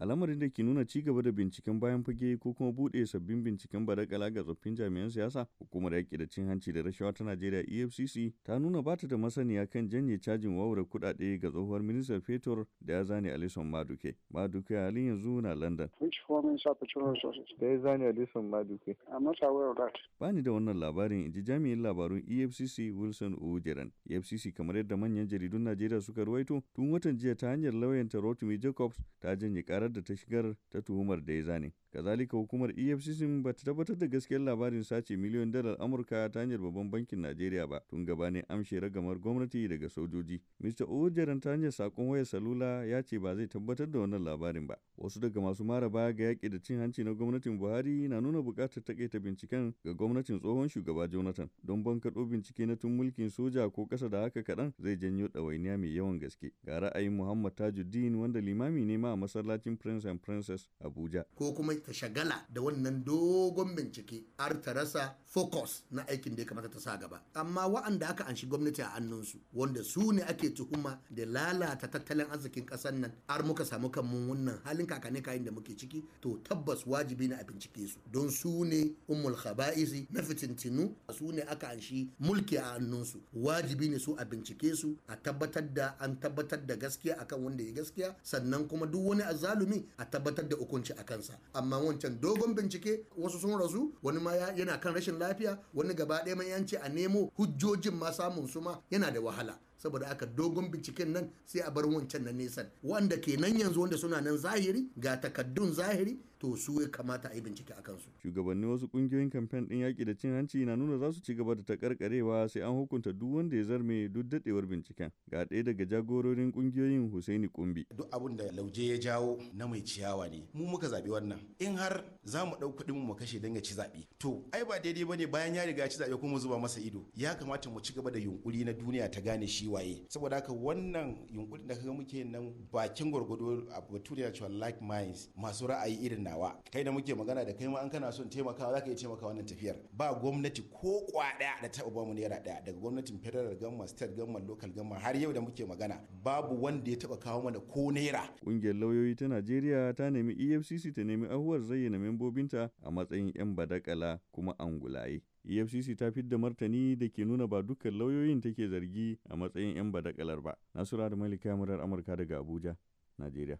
al'amarin da ke nuna ci gaba da binciken bayan fage ko kuma buɗe sabbin binciken badakala ga tsoffin jami'an siyasa hukumar yaƙi da cin hanci da rashawa ta najeriya efcc ta nuna bata da masaniya kan janye cajin wawura kuɗaɗe ga tsohuwar ministan fetur da ya zane alison maduke maduke a halin yanzu na london da ba ni da wannan labarin in ji jami'in labarun efcc wilson ojeran efcc kamar yadda manyan jaridun najeriya suka ruwaito tun watan jiya ta hanyar lauyanta rotimi jacobs ta janye karar karar da ta shigar ta tuhumar da ya zane. Kazalika hukumar EFCC ba ta tabbatar da gaskiyar labarin sace miliyon dalar Amurka ta hanyar babban bankin Najeriya ba tun gabanin amshe ragamar gwamnati daga sojoji. Mr. Ojeran ta hanyar sakon wayar salula ya ce ba zai tabbatar da wannan labarin ba. Wasu daga masu mara baya ga yaƙi da cin hanci na gwamnatin Buhari na nuna buƙatar taƙaita binciken ga gwamnatin tsohon shugaba Jonathan don bankaɗo bincike na tun mulkin soja ko ƙasa da haka kaɗan zai janyo ɗawainiya mai yawan gaske. Ga ra'ayin Muhammad Tajuddin wanda limami ne ma a masallacin prince and princess abuja ko kuma ta shagala da wannan dogon bincike har ta rasa focus na aikin da ya kamata ta sa gaba amma wa'anda aka anshi gwamnati a hannunsu wanda su ne ake tuhuma da lalata tattalin arzikin kasar nan har muka samu kanmu wannan halin kakanni kayan da muke ciki to tabbas wajibi ne a bincike su don su ne ummul khaba'isi na fitintinu su ne aka anshi mulki a hannunsu wajibi ne su a bincike su a tabbatar da an tabbatar da gaskiya akan wanda ya gaskiya sannan kuma duk wani azalumi zulumi a tabbatar da hukunci a kansa amma wancan dogon bincike wasu sun rasu wani ma yana kan rashin lafiya wani gaba ɗaya mai yanci a nemo hujjojin ma samun su ma yana da wahala saboda aka dogon binciken nan sai a bar wancan na nisan wanda ke nan yanzu wanda suna nan zahiri ga takaddun zahiri to su ya kamata a yi bincike a kansu. shugabanni wasu kungiyoyin kamfen ɗin yaƙi da cin hanci na nuna za su ci gaba da takarkarewa sai an hukunta duk wanda ya zarme duk daɗewar binciken. Ga ɗaya daga jagororin kungiyoyin Husaini Kumbi. Duk abin da lauje ya jawo na mai ciyawa ne. Mu muka zaɓi wannan. In har za mu ɗau kuɗin mu kashe don ya ci zaɓe. To ai ba daidai ba ne bayan ya riga ci zaɓe kuma zuba masa ido. Ya kamata mu ci gaba da yunƙuri na duniya ta gane shi waye. Saboda haka wannan yunƙurin da kaga muke nan bakin gwargwado a bature cewa like minds masu ra'ayi irin nawa kai da muke magana da kai ma an kana son taimakawa za ka iya taimaka wannan tafiyar ba gwamnati ko kwada da taba ba mu naira daya daga gwamnatin federal gamma state gamma local gamma har yau da muke magana babu wanda ya taba kawo mana ko naira kungiyar lauyoyi ta Najeriya ta nemi EFCC ta nemi ahuwar zayyana membobinta a matsayin yan badakala kuma angulaye efcc ta fidda martani da ke nuna ba dukkan lauyoyin take zargi a matsayin 'yan badakalar ba nasura da malika murar amurka daga abuja najeriya